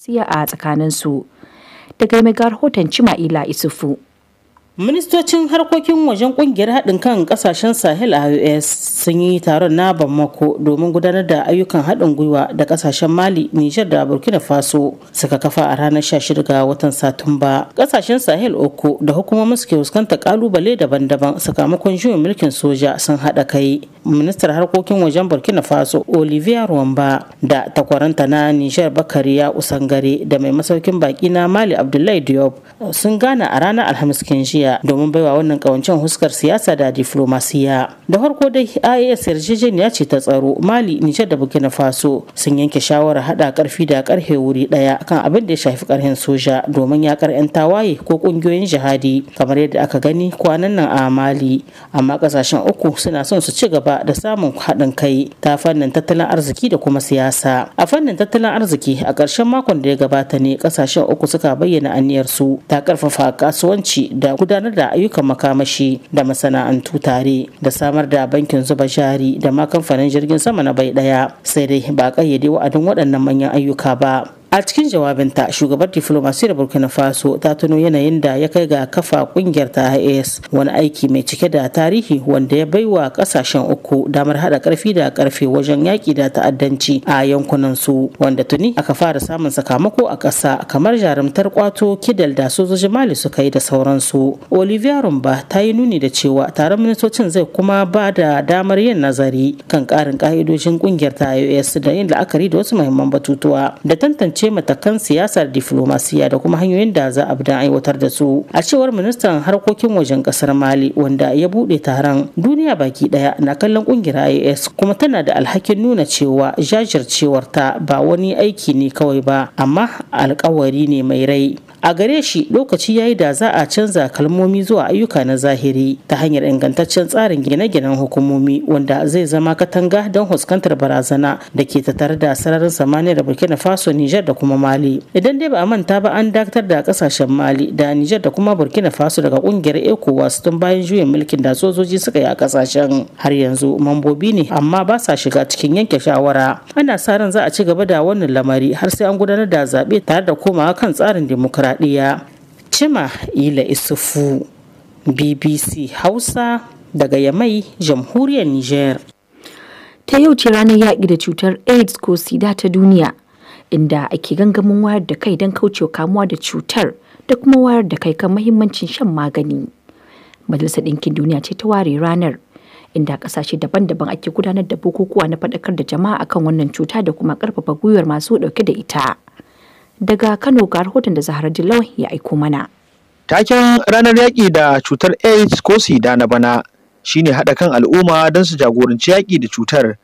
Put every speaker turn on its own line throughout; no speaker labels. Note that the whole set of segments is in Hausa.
siya a tsakaninsu. Daga mai rahoton ila Isufu. ministocin harkokin wajen kungiyar haɗin kan ƙasashen sahel a us sun yi taron na bamako domin gudanar da ayyukan haɗin gwiwa da ƙasashen mali nijar da burkina faso suka kafa a ranar 16 ga watan satumba ƙasashen sahel uku da hukumomin suke fuskantar ƙalubale daban-daban sakamakon juyin mulkin soja sun haɗa kai ministar harkokin wajen burkina faso olivia ruwamba da takwaranta na nijar ya usangare da mai masaukin baki na mali abdullahi diop sun gana a ranar alhamis jiya Najeriya domin baiwa wannan kawancen huskar siyasa da diflomasiya. Da farko dai IAS yarjejeniya ce ta tsaro Mali, Nijar da Burkina Faso sun yanke shawarar hada karfi da karfe wuri daya kan abin da ya shafi karhin soja domin yakar 'yan tawaye ko kungiyoyin jihadi kamar yadda aka gani kwanan nan a Mali. Amma kasashen uku suna son su ci gaba da samun haɗin kai ta fannin tattalin arziki da kuma siyasa. A fannin tattalin arziki a karshen makon da ya gabata ne kasashen uku suka bayyana aniyar su ta karfafa kasuwanci da gudanar gudanar da ayyukan makamashi da masana'antu tare da samar da bankin zuba jari da ma kamfanin jirgin sama na bai daya sai dai ba kayyade wa'adin waɗannan manyan ayyuka ba a cikin jawabinta shugabar diflomasiyar burkina faso ta tuno yanayin da ya kai ga kafa kungiyar ta is wani aiki mai cike da tarihi wanda ya bai wa kasashen uku damar hada karfi da karfe wajen yaki da ta'addanci a yankunan su wanda tuni aka fara samun sakamako a ƙasa kamar jarumtar kwato kidal da sojojin mali suka yi da sauransu olivia rumba ta yi nuni da cewa taron ministocin zai kuma ba da damar yin nazari kan ƙarin ƙa'idojin kungiyar ta is da yin la'akari da wasu muhimman batutuwa da tantance ce matakan siyasar diflomasiya da kuma hanyoyin da za a bi aiwatar da su a cewar ministan harkokin wajen kasar mali wanda ya bude taron duniya baki daya na kallon kungiyar ias kuma tana da alhakin nuna cewa jajircewar ta ba wani aiki ne kawai ba amma alkawari ne mai rai a gare shi lokaci yayi da za a canza kalmomi zuwa ayyuka na zahiri ta hanyar ingantaccen tsarin gine-ginen hukumomi wanda zai zama katanga don huskantar barazana da ke tattare da sararin samaniya da burkina faso niger da kuma mali idan dai ba a manta ba an dakatar da kasashen mali da niger da kuma burkina faso daga kungiyar ecowas tun bayan juyin mulkin da sojoji suka yi a kasashen har yanzu mambobi ne amma ba sa shiga cikin yanke shawara ana sa ran za a ci gaba da wannan lamari har sai an gudanar da zaɓe tare da komawa kan tsarin dimokuraɗiyya ɗaya Cima Ila Isufu BBC Hausa daga Yamai, Jamhuriyar niger.
Ta yau ce ranar yaƙi da cutar AIDS ko sida ta duniya, inda ake gangamin wayar da kai don kaucewa kamuwa da cutar da kuma wayar da kai kan mahimmancin shan magani. Majalisar Ɗinkin Duniya ce ta ware ranar, inda ƙasashe daban-daban ake gudanar da bukukuwa na faɗakar da jama'a kan wannan cuta da kuma ƙarfafa gwiwar masu ɗauke da ita. Daga Kano ga rahoton da Zahra Dilawai ya aiko mana.
Taken ranar yaƙi da cutar AIDS ko sida na bana shine haɗa kan al'umma don su jagoranci yaƙi da cutar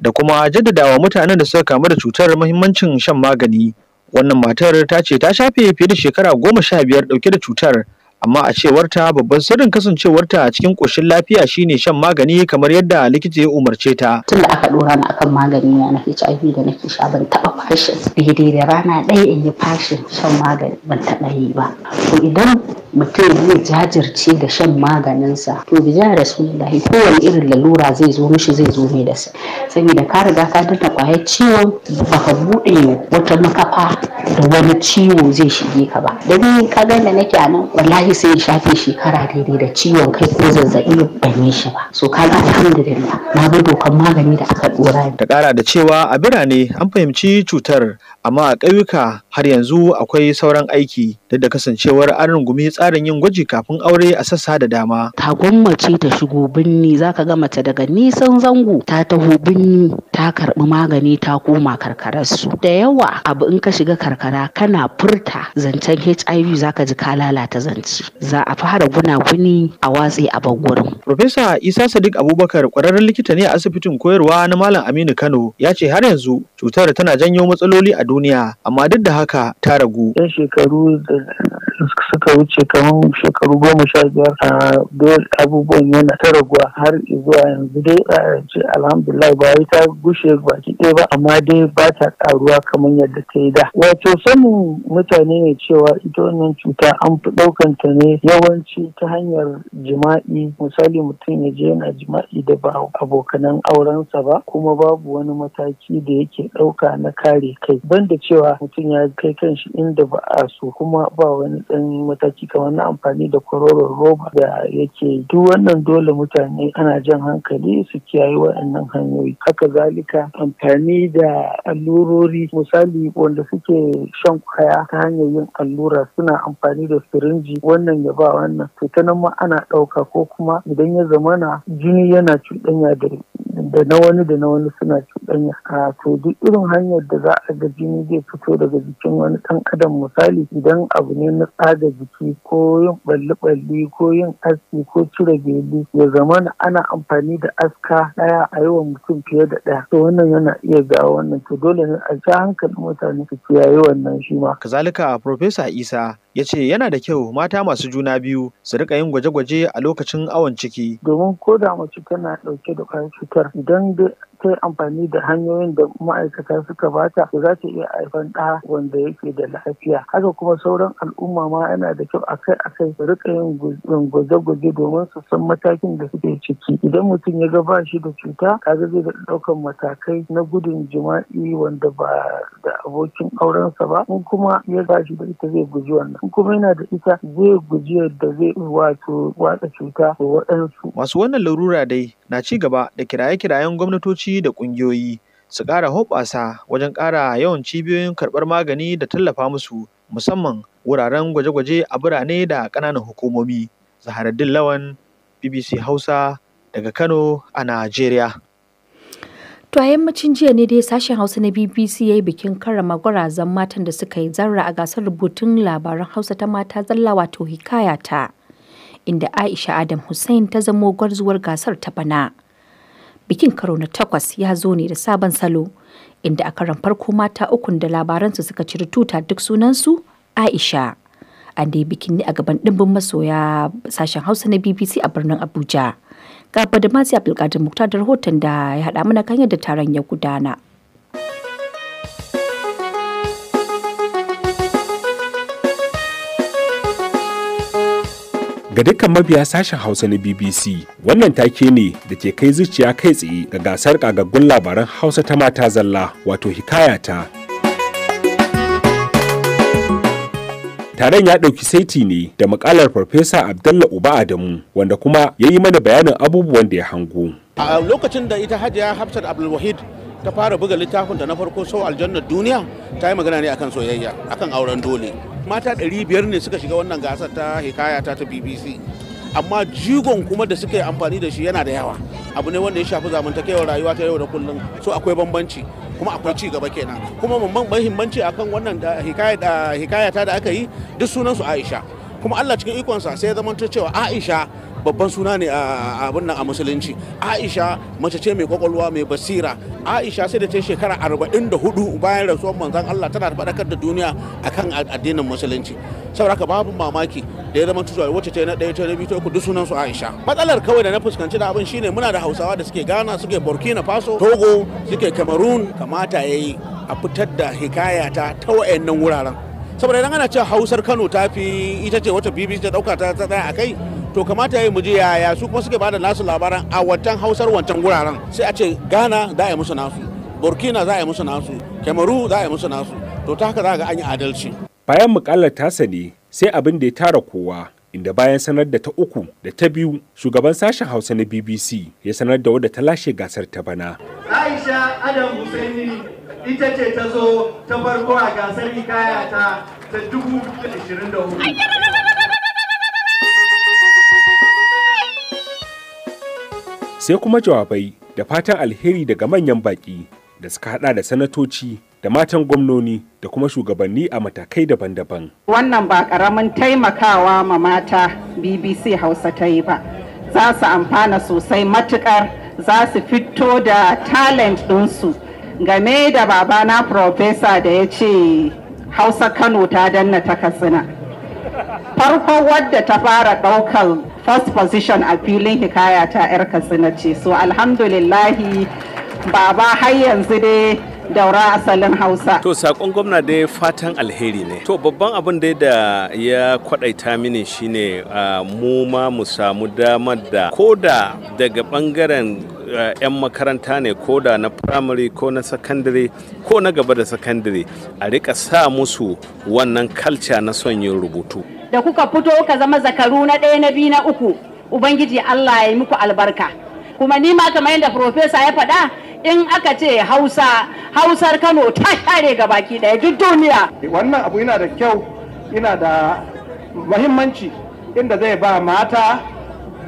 da kuma jaddadawa mutanen da suka kamu da cutar muhimmancin shan magani. Wannan matar ta ce ta shafe fiye da shekara goma sha biyar ɗauke da cutar amma a cewarta babban sirrin kasancewarta a cikin ƙoshin lafiya shine shan magani kamar yadda likita ya umarce ta. Tun
da aka ɗora ni akan magani na na HIV da nake sha ban taɓa fashin daidai da rana ɗaya in yi fashin shan magani ban taɓa yi ba. To idan mutum zai jajirce da shan maganinsa to bija rasulullahi kowane irin lalura zai zo mishi zai zo mai da sa da ka riga ka danna kwaya ciwon baka buɗe wata makafa da wani ciwo zai shige ka ba da ni ka ga da nake a nan wallahi dole sai ya shafe shekara daidai
da ciwon kai ko zazzabi ban shi ba so ka ga alhamdulillah na bi dokan magani da aka dora ta kara da cewa a birane an fahimci cutar amma a ƙauyuka har yanzu akwai sauran aiki duk da kasancewar an rungumi tsarin yin gwaji kafin aure a sassa da dama.
Ka gwammace ta shigo binni za ka ga mace daga nisan zango ta taho binni ta karɓi magani ta koma karkararsu. Da yawa abu in ka shiga karkara kana furta zancen HIV za ka ji ka lalata zance. Za a fara guna
guni a watsi a bangurin. Profesa Isa Sadiq Abubakar ƙwararren likita ne a asibitin koyarwa na Malam Aminu Kano ya ce har yanzu cutar tana janyo matsaloli a duniya. duniya amma duk da haka
ta ragu. Yan shekaru da suka wuce kamar shekaru goma sha biyar a abubuwan yana ta raguwa har zuwa yanzu dai a ce alhamdulillah ba ta gushe baki ɗaya ba amma dai ba ta ƙaruwa kamar yadda ta yi da wato sanin mutane ne cewa ita wannan cuta an fi ɗaukan ta ne yawanci ta hanyar jima'i misali mutum ya je yana jima'i da ba abokanan aurensa ba kuma babu wani mataki da yake ɗauka na kare kai banda cewa mutum ya kai kanshi inda ba a so kuma ba wani ɗan mataki kamar na amfani da kwaroron roba da yake duk wannan dole mutane ana jan hankali su kiyaye waɗannan hanyoyi haka zalika amfani da allurori misali wanda suke shan kwaya ta hanyar yin allura suna amfani da sirinji wannan ya ba wannan to ta nan ma ana ɗauka ko kuma idan ya zamana jini yana cuɗanya da da na wani da na wani suna cuɗanya a to duk irin hanyar da za a ga jini zai fito daga jikin wani ɗan adam misali idan abu ne na tsada jiki ko yin balli-balli ko yin aski ko cire gele ya zama ana amfani da aska ɗaya a yi wa mutum fiye da ɗaya to wannan yana iya ga wannan to dole ne a ja hankalin mutane su kiyaye wannan shi ma.
kazalika Profesa isa ya ce yana da kyau mata masu juna biyu su rika yin gwaje-gwaje a lokacin awon ciki.
Domin ko da mace tana ɗauke da ƙwayar cutar idan ta amfani da hanyoyin da ma'aikata suka bata za ta iya haifan ɗa wanda yake da lafiya haka kuma sauran al'umma ma yana da kyau akai akai su rika yin gwaje-gwaje domin su san matakin da suke ciki idan mutum ya ga ba shi da cuta kaga zai ɗaukan matakai na gudun jima'i wanda ba da abokin aurensa ba in kuma ya ba shi da ita zai guji wannan in kuma yana da ita zai guji yadda zai wato watsa cuta ga waɗansu
masu wannan larura dai na ci gaba da kiraye-kirayen gwamnatoci da ƙungiyoyi su ƙara hoɓɓasa wajen ƙara yawan cibiyoyin karɓar magani da tallafa musu musamman wuraren gwaje-gwaje a birane da ƙananan hukumomi. Zaharaddin Lawan, BBC Hausa daga Kano a Najeriya.
To a yammacin jiya ne dai sashen Hausa na BBC ya yi bikin karrama gwarazan matan da suka yi zarra a gasar rubutun labaran Hausa ta mata zalla wato hikayata. inda Aisha Adam Hussein ta zamo gwarzuwar gasar ta bana. Bikin karo na takwas ya zo ne da sabon salo, inda a karan farko mata ukun da labaransu suka ciri tuta duk sunansu Aisha. An dai bikin ne a gaban ɗimbin masoya sashen Hausa na BBC a birnin Abuja. Gaba da Mazi Abdulkadir Muktar da rahoton da ya haɗa mana kan yadda taron ya gudana.
ga dukkan mabiya sashen hausa na bbc wannan take ne da ke kai zuciya kai tsaye ga gasar kagaggun labaran hausa ta mata zalla wato hikaya ta taron ya ɗauki saiti ne da makalar farfesa abdallah uba adamu wanda kuma ya yi mana bayanin abubuwan da ya hango
a lokacin da ita hajiya hafsat abdulwahid ta fara buga littafin ta na farko sau aljannar duniya ta yi magana ne akan soyayya akan auren dole mata ɗari biyar ne suka shiga wannan gasar ta hikaya ta ta bbc amma jigon kuma da suka yi amfani da shi yana da yawa abu ne wanda ya shafi zamantakewar rayuwa ta yau da kullum so akwai bambanci kuma akwai ci gaba kenan kuma mahimmanci akan wannan hikaya ta da aka yi duk sunan su aisha kuma Allah cikin ikonsa sai ya zamanto cewa Aisha babban suna ne a abin nan a musulunci Aisha mace ce mai kwakwalwa mai basira Aisha sai da ta shekara arba'in da hudu bayan rasuwar manzan. Allah tana faɗakar da duniya akan addinin musulunci saboda haka babu mamaki da ya zama tuzuwa wacce ta na ɗaya ta na biyu ta uku duk sunan su Aisha matsalar kawai da na fuskanci da abin shine muna da Hausawa da suke Ghana suke Burkina Faso Togo suke Cameroon kamata yayi a fitar da hikayata ta wayannan wuraren saboda idan ana cewa hausar kano ta fi ita ce wata bbc ta dauka ta tsaya a kai to kamata yi muje yaya su kuma suke bada nasu labaran a wancan hausar wancan guraren sai a ce ghana za a yi musu nasu burkina za a yi musu nasu kemaru za a yi musu nasu to ta haka za ga an yi adalci
bayan mukallar tasa ne sai abin da ya tara kowa inda bayan sanar da ta uku da ta biyu shugaban sashen hausa na bbc ya sanar da wadda ta lashe gasar ta bana
aisha adam husaini ita ce ta zo ta farko a gasar hikaya
ta ta
sai kuma jawabai da fatan alheri daga manyan baƙi da suka hada da sanatoci da matan gwamnoni da kuma shugabanni a matakai daban-daban.
Wannan ba ƙaramin taimakawa ma mata BBC Hausa ta yi ba. Za su amfana sosai matukar za su fito da talent ɗinsu game da babana profesa da ya ce hausa kano ta danna ta katsina farko wadda ta fara ɗaukar first position a filin hikaya ta 'yar katsina ce so alhamdulillahi baba har yanzu dai daura asalin hausa
to sakon gwamna dai fatan alheri ne to babban abin da ya kwadaita mini shine ah, mu ma mu samu damar da koda daga bangaren 'yan makaranta ne ko da na firamare ko na sakandare ko na gaba da sakandare a rika sa musu wannan kalca na son yin rubutu
da kuka fito ka zama zakaru na ɗaya na biyu na uku ubangiji allah ya yi muku albarka kuma ni ma kamar yadda profesa ya faɗa in aka ce hausa hausar kano ta share ga baki ɗaya duk duniya
wannan abu
yana da kyau yana da mahimmanci inda zai ba mata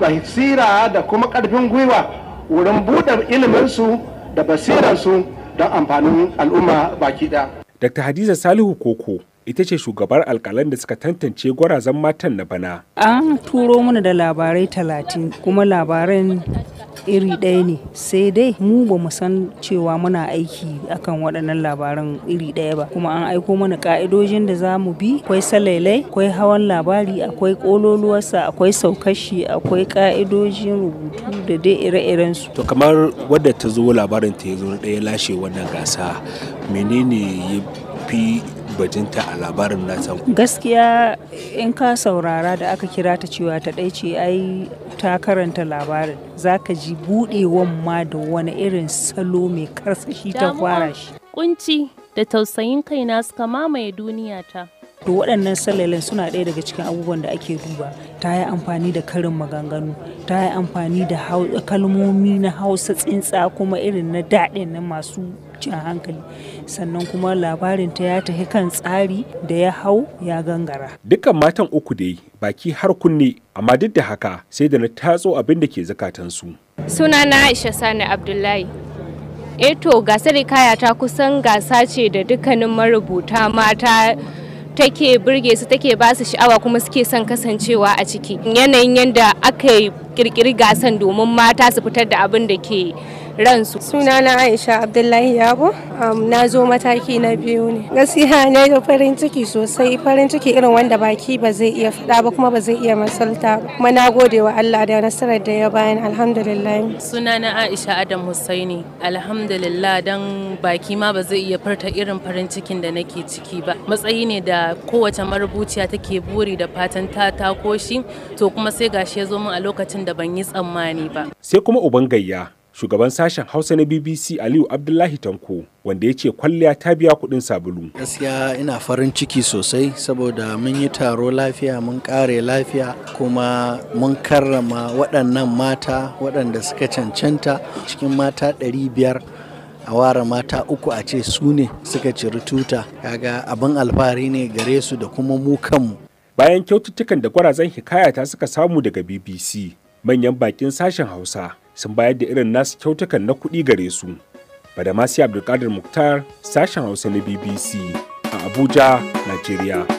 basira da kuma ƙarfin gwiwa wurin buɗe iliminsu da basiransu don amfanin al'umma baki ɗaya.
Dr. Hadiza Salihu Koko ita ce shugabar alkalan da suka tantance gwarazan matan na bana.
An turo mana da labarai talatin kuma labaran iri ɗaya ne sai dai mu ba mu san cewa muna aiki akan waɗannan labaran iri ɗaya ba kuma an aiko mana ka'idojin da za mu bi akwai salailai akwai hawan labari akwai ƙololuwarsa akwai saukashi akwai ka'idojin rubutu da dai ire-iren su.
To kamar wadda ta zo labarin ta ya zo ɗaya lashe wannan gasa menene ya fi bajinta a labarin nata
gaskiya in ka saurara da aka kira ta cewa ta ɗai ce ai ta karanta labarin za ka ji buɗewan ma da wani irin salo mai karsashi ta fara shi
kunci da tausayin kaina suka mamaye duniya
ta.
to waɗannan sallalen suna ɗaya daga cikin abubuwan da ake duba ta yi amfani da karin maganganu ta yi amfani da kalmomi na hausa tsintsa kuma irin na daɗin na masu jan hankali sannan kuma labarin ta ya tafi kan tsari da ya hau ya gangara
dukkan matan uku dai baki har kunne amma duk da haka sai da na tatso abin da ke zakatansu
suna na aisha sani abdullahi eto eh gasar kaya ta kusan gasa ce da dukkanin marubuta mata take burge su take ba su sha'awa kuma suke son kasancewa a ciki yanayin yadda aka kirkiri gasan domin mata su fitar da abin da ke ransu. Sunana
Aisha Abdullahi Yabo, na zo mataki na biyu ne. Gaskiya ne da farin ciki sosai, farin ciki irin wanda baki ba zai iya faɗa ba kuma ba zai iya masalta Kuma na gode wa Allah da nasarar da ya bayan alhamdulillah.
Sunana Aisha Adam Husaini alhamdulillah dan baki ma ba zai iya furta irin farin cikin da nake ciki ba. Matsayi ne da kowace marubuciya take buri da fatan ta tako shi, to kuma sai gashi ya zo min a lokacin da ban yi tsammani ba.
Sai kuma uban gayya shugaban sashen hausa na bbc aliyu abdullahi tanko wanda ya ce kwalliya ta biya kuɗin sabulu gaskiya ina farin ciki
sosai saboda mun yi taro lafiya mun kare lafiya kuma mun karrama waɗannan mata waɗanda suka cancanta cikin mata 500 a ware mata uku a ce su ne suka ciri tuta kaga abin alfahari ne
gare su da kuma mu kanmu bayan kyaututtukan da gwarazan hikayata suka samu daga bbc manyan bakin sashen Hausa sun bayar da irin nasu kyautukan na kuɗi gare su. Badamasi Abdulkadir mukhtar sashen Hausa na BBC a Abuja, Najeriya.